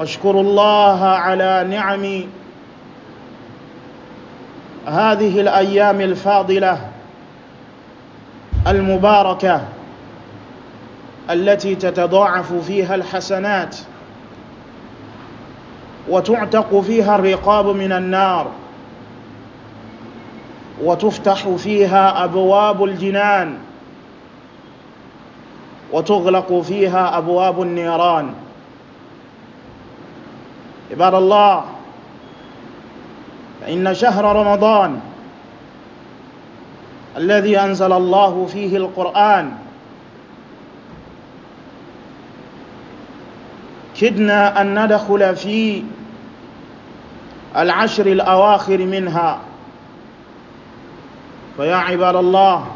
واشكر الله على نعم هذه الأيام الفاضلة المباركة التي تتضاعف فيها الحسنات وتعتق فيها الرقاب من النار وتفتح فيها أبواب الجنان وتغلق فيها أبواب النيران عباد الله فإن شهر رمضان الذي أنزل الله فيه القرآن كدنا أن ندخل في العشر الأواخر منها فيا عباد الله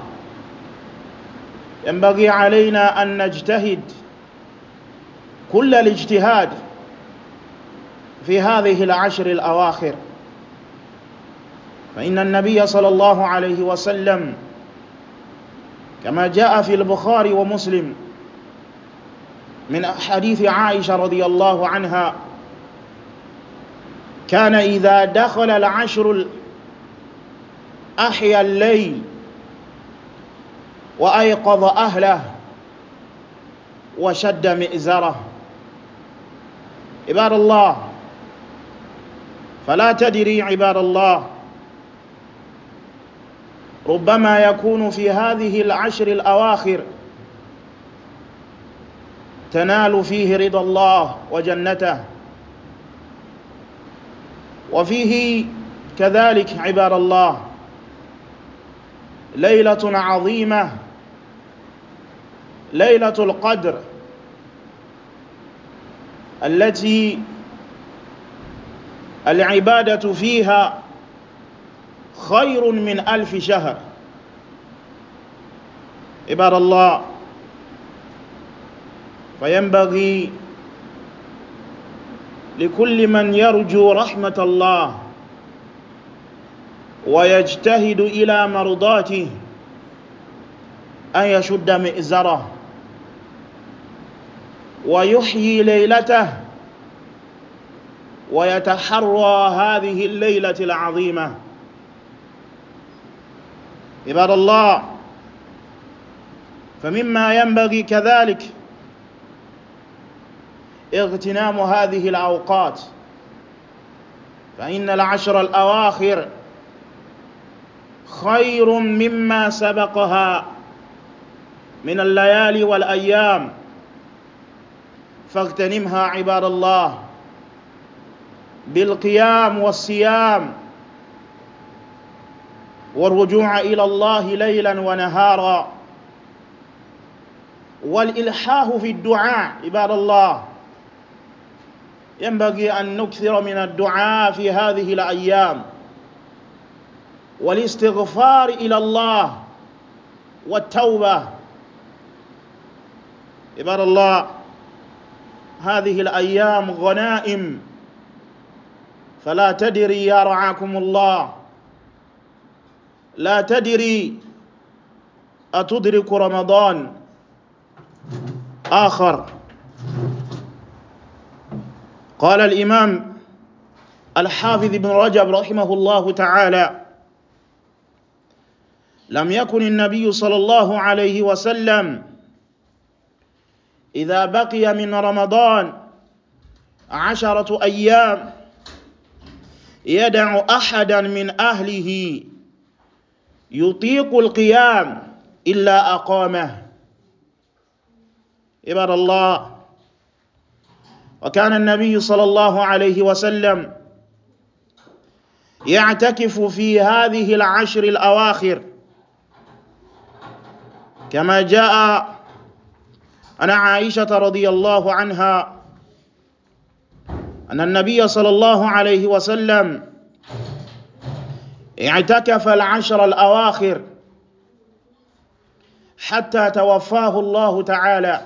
ينبغي علينا أن نجتهد كل الاجتهاد في هذه العشر الأواخر فإن النبي صلى الله عليه وسلم كما جاء في البخاري ومسلم من حديث عائشة رضي الله عنها كان إذا دخل العشر أحيا الليل وأيقظ أهله وشد مئزره عباد الله فلا تدري عباد الله ربما يكون في هذه العشر الأواخر تنال فيه رضا الله وجنته وفيه كذلك عباد الله ليلة عظيمة ليلة القدر التي العبادة فيها خير من ألف شهر عباد الله فينبغي لكل من يرجو رحمة الله ويجتهد إلى مرضاته أن يشد مئزره ويحيي ليلته ويتحرى هذه الليلة العظيمة عباد الله فمما ينبغي كذلك اغتنام هذه الأوقات فإن العشر الأواخر خير مما سبقها من الليالي والأيام فاغتنمها عباد الله بالقيام والصيام والرجوع إلى الله ليلا ونهارا والإلحاه في الدعاء عباد الله ينبغي أن نكثر من الدعاء في هذه الأيام والاستغفار إلى الله والتوبة عباد الله هذه الأيام غنائم فلا تدري يا رعاكم الله لا تدري أتدرك رمضان آخر قال الإمام الحافظ بن رجب رحمه الله تعالى لم يكن النبي صلى الله عليه وسلم إذا بقي من رمضان عشرة أيام يدع أحدا من أهله يطيق القيام إلا أقامه عباد الله وكان النبي صلى الله عليه وسلم يعتكف في هذه العشر الأواخر كما جاء عن عائشة رضي الله عنها أن النبي صلى الله عليه وسلم اعتكف العشر الأواخر حتى توفاه الله تعالى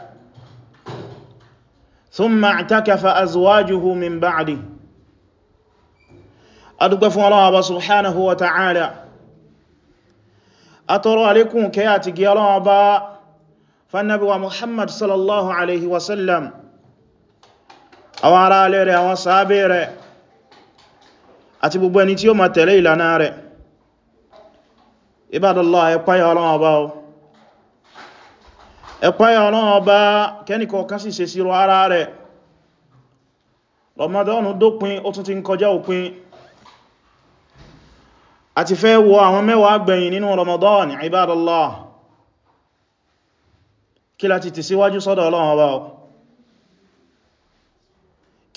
ثم اعتكف أزواجه من بعده أدقف الله سبحانه وتعالى أترى لكم كياتك يا رابا فالنبي محمد صلى الله عليه وسلم àwọn ará alẹ́ rẹ̀ àwọn sàábé rẹ̀ àti gbogbo ẹni tí ó ma tẹ̀lé ìlànà rẹ̀ ibadallah ẹ páyà Ọlọ́run Ọba o ẹ páyà Ọlọ́run Ọba kẹ́nìkọ̀ kan sì ṣe sírò ara rẹ̀ Ramadanu dópin ó tún ti ń kọjá òpin àti fẹ́ wọ àwọn mẹ́wàá gbẹ̀yìn nínú Ramadan ibadallah kí láti tẹ̀síwájú sọ́dọ̀ Ọlọ́run Ọba o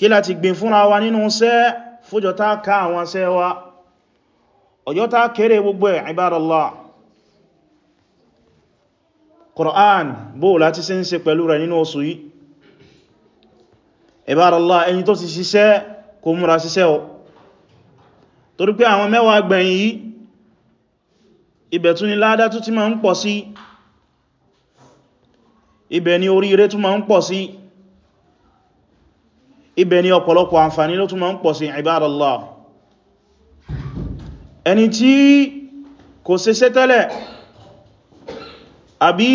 kí láti gbìn fúnra wa nínú sẹ́ fójọ tá ká àwọn sẹ́ wa ọjọ́ tá kéré gbogbo ẹ̀ ibadallah Qur'an bó láti sí ń ṣe pẹ̀lú rẹ̀ nínú oṣù yìí ibadallah ẹni tó ti ṣiṣẹ́ kó múra ṣiṣẹ́ o torí pé àwọn mẹ́wàá gbẹ̀yìn yìí ibẹ̀ tún ni ládá tún ti máa ń pọ̀ sí ibẹ̀ ni oríire tún máa ń pọ̀ sí ibẹ̀ ni ọ̀pọ̀lọpọ̀ àǹfàní ló tún ma ń pọ̀ sí ibadallah ẹni tí kò sẹsẹ tẹ́lẹ̀ àbí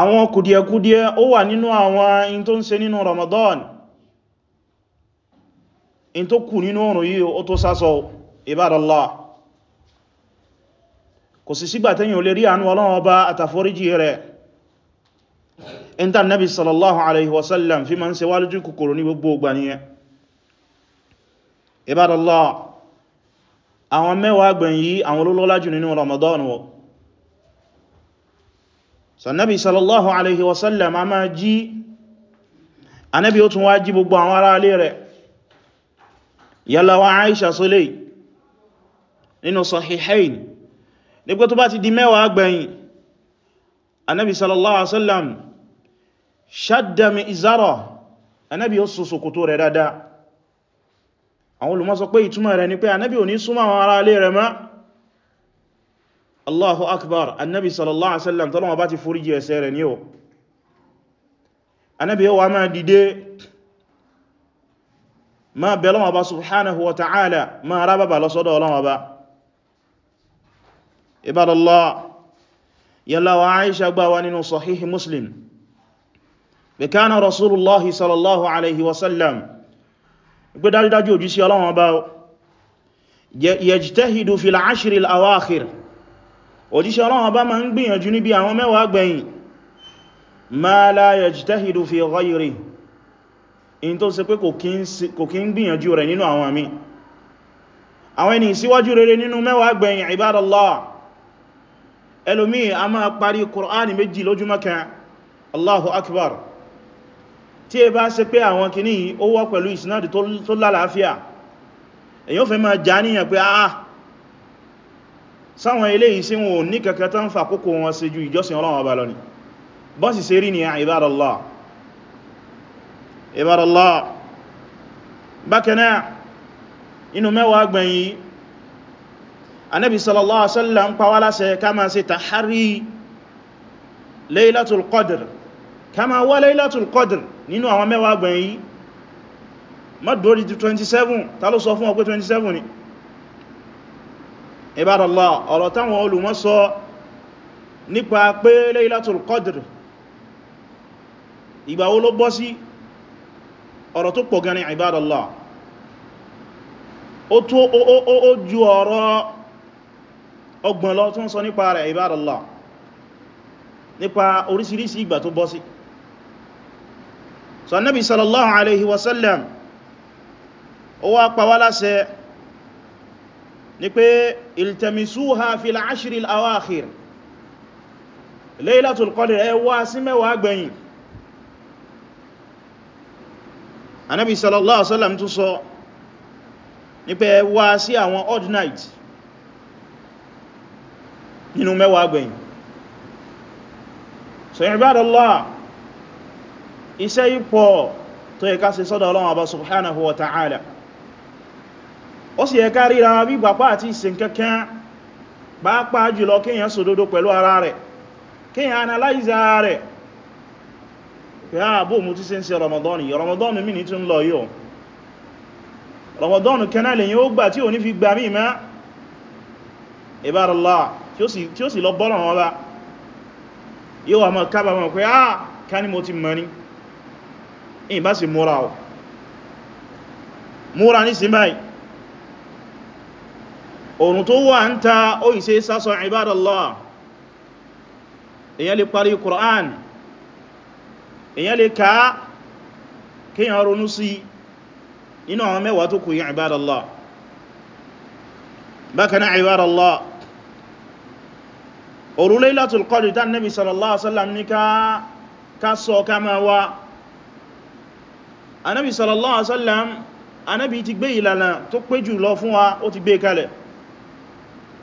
àwọn kùdíẹ̀kùdíẹ̀ ó wà nínú àwọn in tó ń ṣe nínú Ramadan in tó kù nínú òrùn yìí ó tó sásọ ibadallah kò sì sígbà tẹ́yìn rí àánú Ọlọ́run ọba àtàforíjì rẹ̀ in ta nabi sallallahu alaihi wasallam fi ma ń ṣe wá lójú kòkòrò ní gbogbo ìgbà nìyẹn ibadallah àwọn mẹ́wàá gbẹ̀yìn yìí àwọn olólọ́lá jù nínú ramadan wọ sannabi sallallahu alaihi wasallam a máa jí anabi ó tún wá jí gbogbo àwọn ará alé rẹ̀ yalawa aisha sole nínú sahihain nígbà tó bá ti di mẹ́wàá gbẹ̀yìn anabi sallallahu alaihi wasallam ṣádàmì ìzárọ̀ anábi ó so ṣòkòtò rẹ̀ dáadáa àwọn olùmọ̀ sọ pé ìtumọ̀ rẹ̀ ni pé anábi ò ní súnmọ́ àwọn ará ilé rẹ̀ mọ́ allahu akbar annabi sallallahu alaihi wasallam tọ́lọ́wọ́ bá ti foríjì ẹ̀ṣẹ̀ rẹ̀ ní o anábi ó wá máa dìde ma bẹ lọ́wọ́ bá subhanahu wa ta'ala ma rábà ibadallah yalla wa aisha gbáwa nínú sahihi muslim pé kánà rasulullahi sallallahu alaihi wasallam gbé dájúdájú òjú sí ọlọ́wọ́n bá yajtahidu fil ashri al-awakhir òjíṣẹ́ ọlọ́wọ́n bá ma ń gbìyànjú níbi àwọn mẹ́wàá gbẹ̀yìn ma la yajtahidu fi ghayri in tó ṣe pé kò kí ń gbìyànjú rẹ̀ nínú àwọn àmì àwọn ẹni síwájú rere nínú mẹ́wàá gbẹ̀yìn ibadallah ẹlòmí a máa parí Kùránì méjì lójúmọ́ Allahu akbar tí ẹ bá ṣe pé àwọn kìíní ó wọ́ pẹ̀lú ìsinádì tó lálàáfíà èyàn fẹ́ máa já níyàn pé àà ah, sáwọn ilé ìsìn wọn ní kẹ̀kẹ́ tán fàkókò wọn sí ju ìjọsìn Ọlọ́run ọba lọ ni bọ́sì sí rí ni ibadallah ibadallah bákan náà ká ma wá Laylatul Qadr nínú àwọn mẹ́wàá gbẹ̀yìn yìí má 27 ta ló sọ fún ọ 27 ni Ibadallah ọ̀rọ̀ táwọn olùmọ̀ sọ nípa pé Laylatul Qadr ìgbà wo ló bọ́ sí ọ̀rọ̀ tó pọ̀ gan ni Ibadallah ó tó ó ju ọ̀rọ̀ ọgbọ̀n lọ tó ń sọ nípa nípa orísìírísìí ìgbà tó bọ́ sí so annabi sallallahu alaihi wasallam ó wá pàwà láṣẹ ní pé iltamisuha fil ashri al-awakhir laylatul qadr ẹ wá sí mẹ́wàá gbẹ̀yìn annabi sallallahu alaihi wasallam tún sọ ní pé ẹ wá sí odd night nínú mẹ́wàá gbẹ̀yìn so ibadallah iṣẹ́ ipò tó yẹ ká ṣe sọ́dọ̀ Ọlọ́run Ọba subhanahu wa ta'ala ó sì yẹ ká ríra bí gbàpá àti ìsìn kankan bá pàá jùlọ kíyàn sòdodo pẹ̀lú ara rẹ̀ kíyàn analyze ara rẹ̀ pé ààbò ah, mú ti ṣe ń ṣe Ramadan yìí Ramadan mi ní tún lọ yóò Ramadan kẹ́nà lèyìn ó gbà tí ah, mo ti mọ́ ni ìbá sì múra ọ̀ múra ní sí báyìí oòrùn tó wà ń ta ó ìṣe sásọ ibadallah èyàn lè parí Qur'an èyàn lè ká kíyàn ronú sí nínú àwọn mẹ́wàá tó kù yí ibadallah bákaná ibadallah òru Laylatul Qadr Nabi sallallahu alaihi wasallam ní ká sọ ká anábi sallallahu alaihi wasallam anábi ti gbé ìlànà tó pé jù lọ fún wa ó ti gbé e kalẹ̀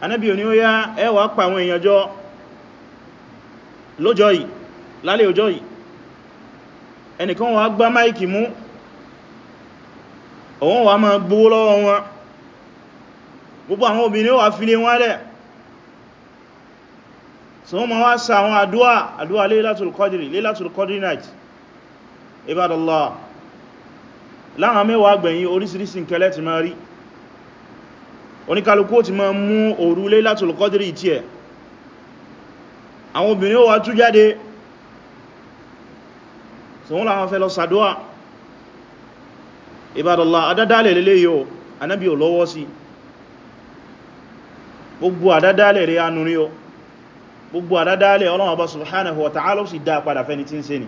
anábi òní ó yá ẹ wá pa àwọn èèyàn jọ lọ́jọ́ yìí lálẹ́ ọjọ́ yìí ẹnìkan wá gbá máìkì mú òun wá máa gbówó lọ́wọ́ wọn gbogbo àwọn obìnrin wà fílé wọn lẹ̀ so wọ́n ma wá sa àwọn àdúwà àdúwà Laylatul Qadri Laylatul Qadri night ibadallah láwọn mẹ́wàá gbẹ̀yìn orísìírísìí nkẹlẹ́ ti máa rí oníkálukú ti máa mú òru Laylatul Qadr ìtí ẹ̀ àwọn obìnrin ó wá tú jáde so wọ́n láwọn fẹ́ lọ sàdúwà Ibadallah adádálẹ̀ lélé yóò anábí ò lọ́wọ́ sí gbogbo adádálẹ̀ rẹ̀ anúrí o gbogbo adádálẹ̀ Ọlọ́run Ọba subhanahu wa ta'ala sì dá padà fẹ́ni tí ń ṣe ni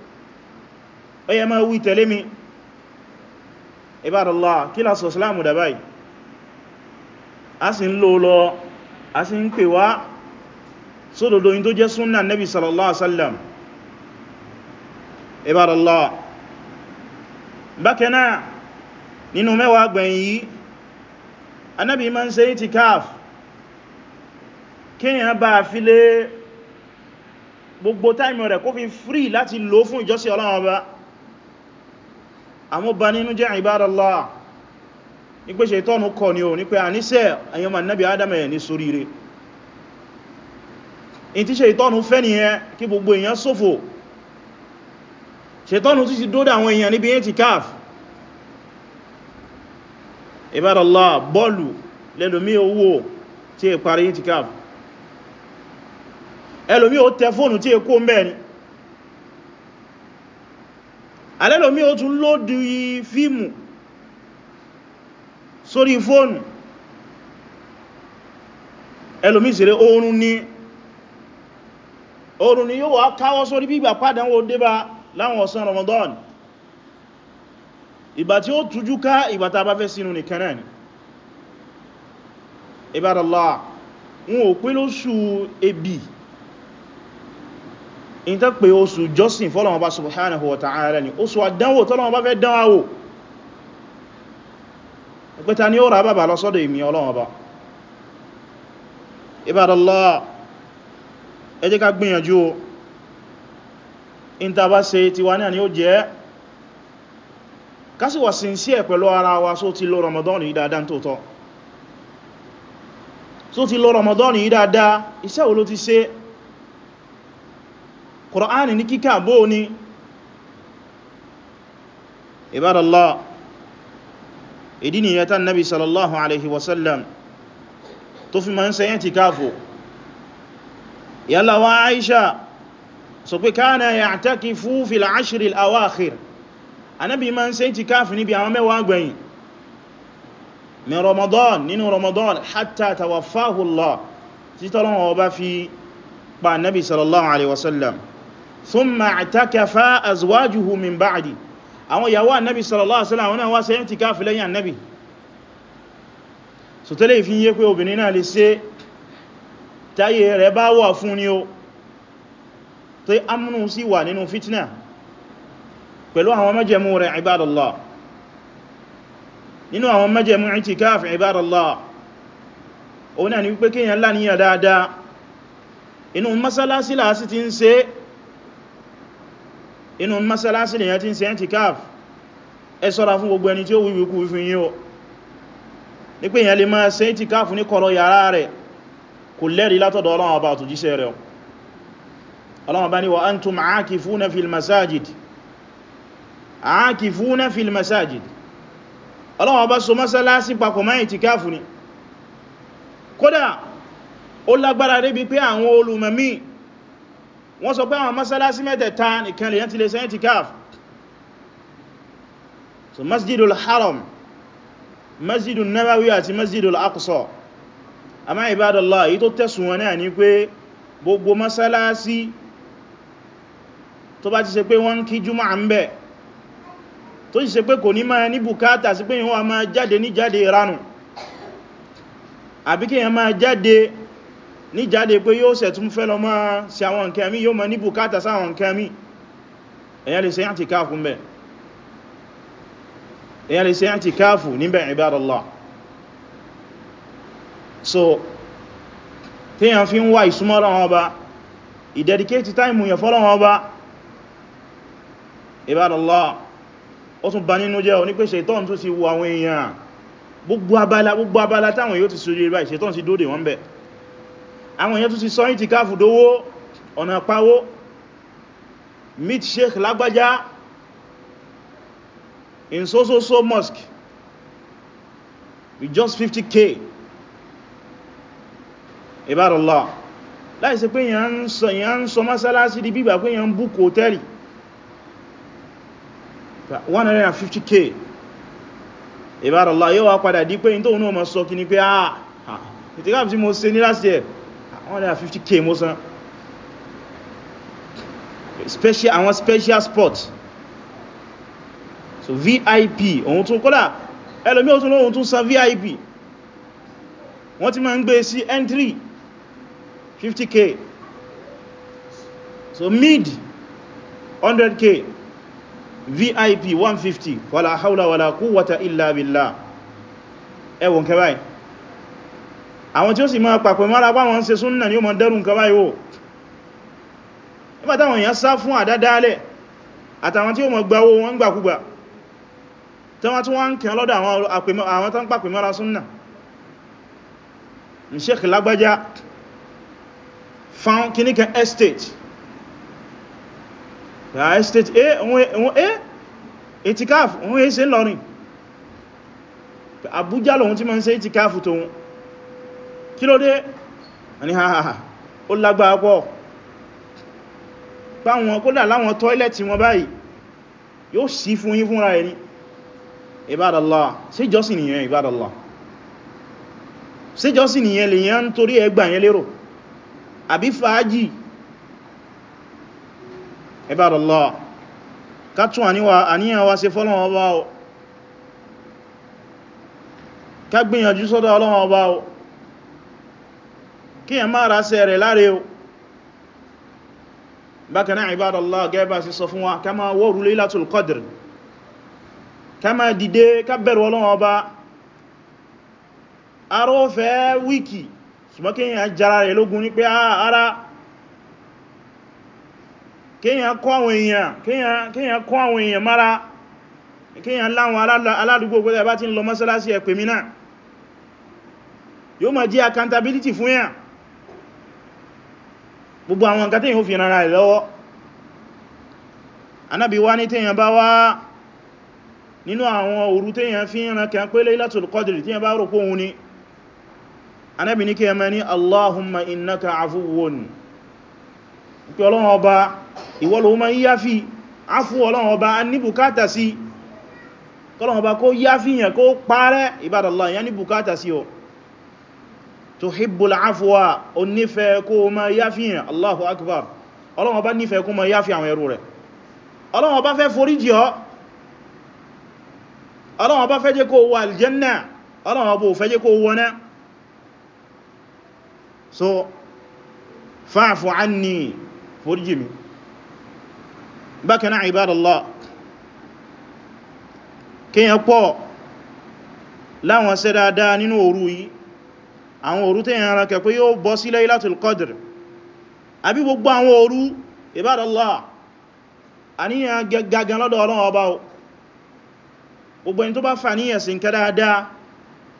ó yẹ máa wí tẹ̀lé mi ibadallá kí lásọ̀ islamu dà báyìí a sì ń lò lọ a sì ń pè wá sódòdó yìí tó jẹ́ súnnà nabi sallallahu alaihi wasallam ibadallá bákanáà nínú mẹ́wàá gbẹ̀yìn yìí àmọ́ bà nínú jẹ́ ibadallah ní pé ṣètọ́nù kọ ni o ní pé àníṣẹ́ àyẹmà nábi adam ẹ̀ ní soríire in ti ṣètọ́nù fẹ́ nìyẹn kí gbogbo èèyàn sófò ṣètọ́nù ti dódà àwọn èèyàn níbi yẹn ti káf ibadallah bọ́ọ̀lù lẹ́lòmí owó tí è parí yẹn alẹ́lòmí ó tún lóòdù fíìmù sórí fóònù ẹlòmí ìṣẹ́rẹ́ oorun ni oorun ni yóò wá káwọ́ sórí bígbà padà wó dé bá láwọn ọ̀sán Ramadan ìgbà tí ó tújú ká ìgbà tá bá fẹ́ sínú nìkan náà ni wọn ò pé lóṣù ebi in tó pé oṣù jọ́sìn fọ́lọ̀wọ́ bá subhanahu wa ta'ala ni oṣù àdánwò tọ́lọ̀wọ́ bá fẹ́ dánwò pẹ́ta ni ó rà bàbà lọ sọ́dọ̀ ìmì ọlọ́wọ́ bá Ibadallah ẹ jẹ́ ká gbìyànjú o in ta bá ṣe tiwa náà ni ó jẹ́ kásíwà sincere Kùránì ní kíkà bó ní ibadallá ìdí nìyẹn tán nabi sallallahu alaihi wasallam tó fi ma ń sẹ́yìn ti káfò yálà wa Aisha sọ pé kana ya'takifu fil ashri al-awakhir anábi ma ń sẹ́yìn ti káfò níbi àwọn mẹ́wàá gbẹ̀yìn min Ramadan nínú Ramadan hatta tawaffahu títọ́lọ́wọ́ ọba fi pa nabi sallallahu alaihi wasallam thumma i'takafa azwajuhu min ba'di àwọn ìyàwó annabi sallallahu alaihi wasallam wọ́n wá ṣe i'tikafu lẹ́yìn annabi so tẹ́lẹ̀ ìfin yé pé obìnrin náà lè ṣe táyé rẹ̀ bá wà fún ni o tó amúnú sí wà nínú fitna pẹ̀lú àwọn májẹ̀mú rẹ̀ ibadallah nínú àwọn májẹ̀mú i'tikaf ibadallah òun náà ni wípé kíyàn láníyà dáadáa inú masálásí làásí ti ń ṣe inú masalasi lèyàn tí ń ṣe ẹ̀ntìkáf ẹ ṣọ́ra fún gbogbo ẹni tí ó wíwí kú fún yíò ní pé èyàn lè máa ṣe ẹ̀ntìkáf ní kọ̀rọ̀ yàrá rẹ̀ kò lẹ́rí látọ̀dọ̀ Ọlọ́run Ọba àtòjíṣẹ́ rẹ̀ Ọlọ́run Ọba ní wa ó lágbára débi pé àwọn olùmọ̀mí wọ́n sọ pé àwọn masalasi mẹ́tẹ̀ta nìkan lè yẹn ti lè ṣe itikaf so masjidul haram masjidul nabawi àti masjidul aqsa àmá ibadallah èyí tó tẹ̀sùn wọn náà ni pé gbogbo masalasi tó bá ti ṣe pé wọ́n kí juma'a ń bẹ̀ tó ti ṣe pé kò ní máa ní bùkátà sí pé yíwọ́n máa jáde ní jáde ìranù àbíkẹ́ yẹn máa jáde ní jáde pé yóò sẹ̀ tún fẹ́ lọ máa sí àwọn nǹkan mi yóò máa ní bùkátà sáwọn nǹkan mi èyàn lè ṣe i'tikafu níbẹ̀ níbẹ̀ ibadallah so tí yàn fi ń wá ìsúnmọ́ Ọlọ́run Ọba ìdẹ́díkétì táìmù yàn fọ́lọ́run Ọba ibadallah ó tún bà nínú jẹ́ onípe ṣètọ́n tó ti wo àwọn èèyàn gbogbo abala gbogbo abala táwọn yóò ti sojú ibá ìṣètọ́n ti dóde wọ́n bẹ̀ẹ́ àwọn èèyàn tún ti sọ ìtìkáàfù dówó ọ̀nà pawó meet sheikh lágbájá in so so so mosque with just 50k ibadallah láìsí pé èèyàn ń sọ mọ́sálásí di bíbà pé èèyàn ń búkò hòtẹ́lì 150k ibadallah yóò wá padà di pé ní tóun náà mọ́ sọ kí ni pé ah ìtìkáàfù tí mo ṣe ní last year 150k mo san special àwọn special spot, so vip ohun tún kódà ẹlòmí òtún lóhun tún san vip wọ́n ti máa ń gbé sí n3 50k so mid 100k vip 150 wala haula wala quwwata illa billah ẹwọ̀n kẹwàá àwọn tí ó sì máa pàpẹ̀ mara pa wọn ṣe súnnà ní o mọ̀ dẹ́rùn kaba yíò nígbàtàwọn èèyàn sá fún àdádálẹ̀ àtàwọn tí ó mọ̀ gbawó wọn gbàkúgbà tánwà tí wọ́n ń kẹ́ lọ́dọ̀ àwọn tán súnnà estate ya estate eh wọ́n eh itikaf wọ́n eh se lọ́rin Abuja lòun tí ma kí ló dé ní àhàhà ó lágbàá pọ̀ báwọn kódà láwọn tọ́ílẹ̀tì wọn báyìí yóò sí fún yín fúnra ẹni ìbádàlá sí jọ́sìn nìyẹn ìbádàlá sí jọ́sìn nìyẹn lèyàn ń torí ẹgbà yẹn lérò àbí fàájì ìbádàlá kátún àníyàn wa ṣe fọ́lọ́wọ́ bá o ká gbìyànjú sọ́dọ̀ Ọlọ́run Ọba o kí ẹ máa rásẹ̀ rẹ̀ láre o bákanáà ibadallah gẹ́bà sí sọ fún wa ká máa wọ́rú Laylatul Qadr ká máa dìde ká bẹ̀rù Ọlọ́run Ọba arọ́fẹ́ wíkì ṣùgbọ́n kí èyàn jara rẹ̀ lógún ní pé ara kí èyàn kọ́ àwọn èèyàn mara kí èyàn láwọn aládùgbò gbọ́dẹ̀ bá yóò máa jẹ́ accountability fún yàn gbogbo àwọn nǹkan tíyàn fi rárá ìlọ́wọ́ anábi wá ní tíyàn bá wá nínú àwọn òru tíyàn fi rán kí a pé Laylatul Qadr tíyàn bá rò kóhun ni anábi ní kí ẹ Allahumma innaka afuwun pí Ọlọ́run ọba ìwọ́lò ma ń yáfi afú Ọlọ́run ọba a ní bùkátà sí Ọlọ́run ọba kó yáfi yẹn kó parẹ́ ibadallah yẹn ní bùkátà tuhibbul afwa o nífẹ́ kó ma yáfíyàn Allahu akbar Ọlọ́run bá nífẹ́ kó ma yáfí àwọn ẹrú rẹ̀ Ọlọ́run bá fẹ́ foríjì ọ́ Ọlọ́run bá fẹ́ jẹ́ kó wà aljanna Ọlọ́run bó fẹ́ jẹ́ kó wọná so fa'fu anni foríjì mi bákaná ibadallah kíyàn pọ̀ láwọn ṣe nínú òru yìí àwọn òru tẹ́yìn ara kẹ pé yóò bọ́ sí Laylatul Qadr àbí gbogbo àwọn òru Ibadallah àníyàn gagan lọ́dọ̀ Ọlọ́run ọba o gbogbo ẹni tó bá fà níyàn sí nǹkan dáadáa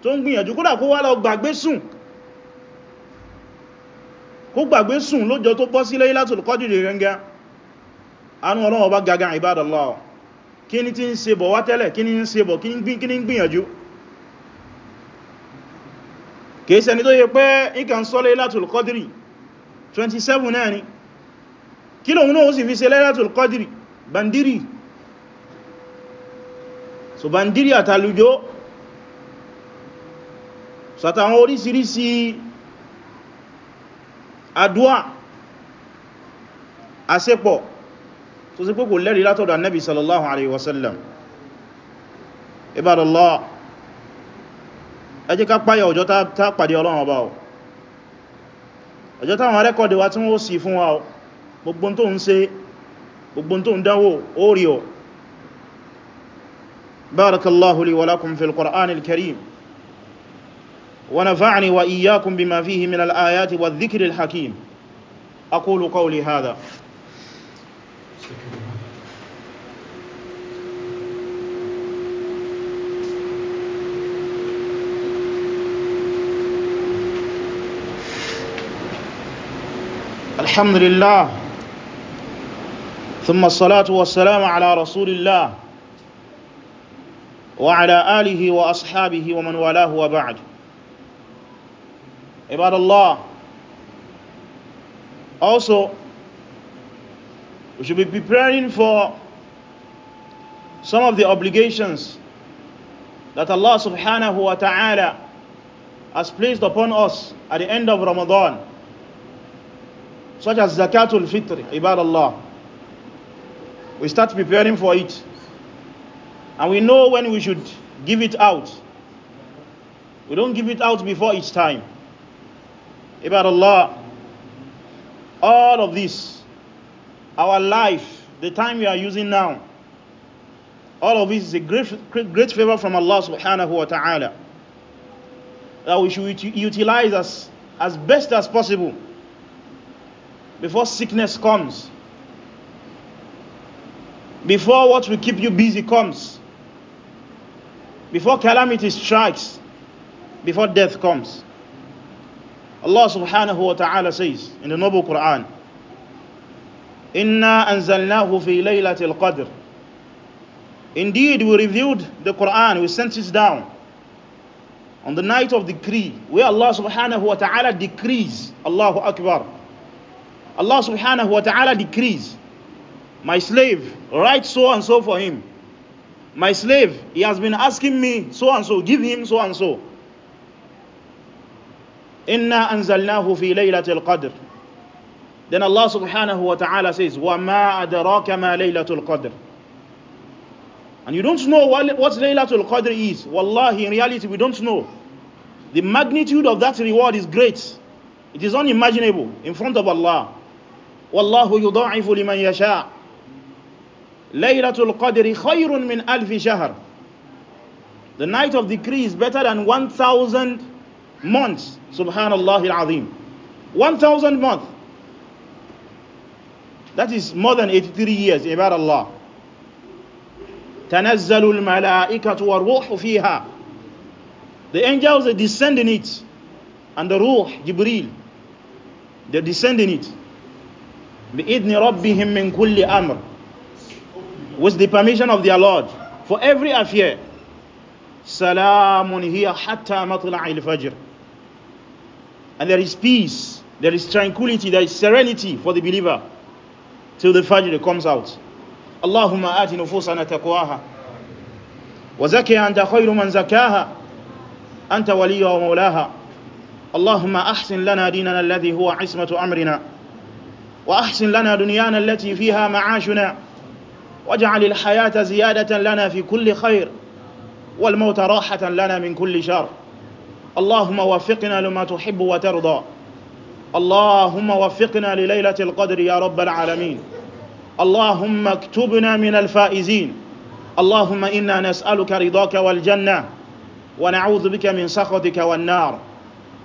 tó ń gbìyànjú kódà kó wá lọ gbàgbé sùn kó gbàgbé sùn lọ́jọ́ tó bọ́ sí Laylatul Qadr gẹ́gẹ́ anú kìí ṣẹni tó yẹ pé ikan sọ Laylatul Qadri 27 náà ni kí lòun náà ó sì fi ṣe Laylatul Qadri bandiri so bandiri àtàlùjó sàtàwọn orísìírísìí àdúà àṣepọ̀ tó sì pé kò lẹ́rìí látọ̀dọ̀ annabi sallallahu alaihi wasallam ibadallah ẹ jẹ́ ká páyà ọjọ́ tá pàdé ọlọ́run ọba o ọjọ́ táwọn rẹ́kọ̀dì wa tí wọ́n sì fún wa o gbogbo tó ń ṣe gbogbo tó ń dánwò ó rí o barakallahu li wa lakum fil qur'anil karim الحمد لله ثم الصلاة والسلام على رسول الله وعلى آله وأصحابه ومن والاه وبعد عباد الله also we should be preparing for some of the obligations that Allah subhanahu wa ta'ala has placed upon us at the end of Ramadan such as Zakatul Fitr, Ibadallah. We start preparing for it. And we know when we should give it out. We don't give it out before it's time. Ibadallah. All of this, our life, the time we are using now, all of this is a great, great favor from Allah subhanahu wa ta'ala that we should utilize as, as best as possible before sickness comes, before what will keep you busy comes, before calamity strikes, before death comes. Allah subhanahu wa ta'ala says in the noble Quran, Inna anzalnahu fi laylatil qadr. Indeed, we reviewed the Quran, we sent it down on the night of decree, where Allah subhanahu wa ta'ala decrees, Allahu Akbar. Allah subhanahu wa ta'ala decrees, my slave, write so and so for him. My slave, he has been asking me so and so, give him so and so. Inna anzalnahu fi laylatil qadr. Then Allah subhanahu wa ta'ala says, وَمَا ma مَا al-qadr. And you don't know what, what Laylatul Qadr is. Wallahi, in reality, we don't know. The magnitude of that reward is great. It is unimaginable in front of Allah. والله يضاعف لمن يشاء ليلة القدر خير من ألف شهر The night of decree is better than 1,000 months سبحان الله العظيم 1,000 months That is more than 83 years عبار الله تنزل الملائكة والروح فيها The angels are descend in it and the ruh Jibreel they descend in it بِإِذْنِ رَبِّهِمْ مِنْ كُلِّ أَمْرٍ With the permission of their Lord for every affair. سَلَامٌ هِيَ حَتَّى مَطْلَعِ الْفَجْرِ And there is peace, there is tranquility, there is serenity for the believer till the Fajr comes out. اللهم آت نفوسنا تقواها وزكي أنت خير من زكاها أنت ولي ومولاها اللهم أحسن لنا ديننا الذي هو عصمة أمرنا وأحسن لنا دنيانا التي فيها معاشنا واجعل الحياة زيادة لنا في كل خير والموت راحة لنا من كل شر اللهم وفقنا لما تحب وترضى اللهم وفقنا لليلة القدر يا رب العالمين اللهم اكتبنا من الفائزين اللهم إنا نسألك رضاك والجنة ونعوذ بك من سخطك والنار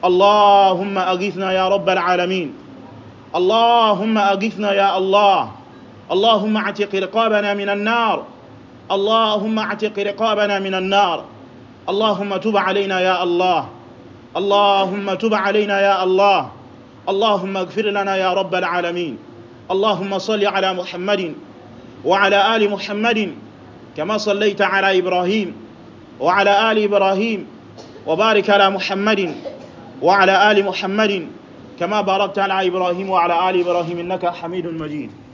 اللهم أغيثنا يا رب العالمين اللهم أغثنا يا الله اللهم اعتق رقابنا من النار اللهم اعتق رقابنا من النار اللهم تب علينا يا الله اللهم تب علينا يا الله اللهم اغفر لنا يا رب العالمين اللهم صل على محمد وعلى آل محمد كما صليت على إبراهيم وعلى آل إبراهيم وبارك على محمد وعلى آل محمد كما باركت على إبراهيم وعلى آل إبراهيم إنك حميد مجيد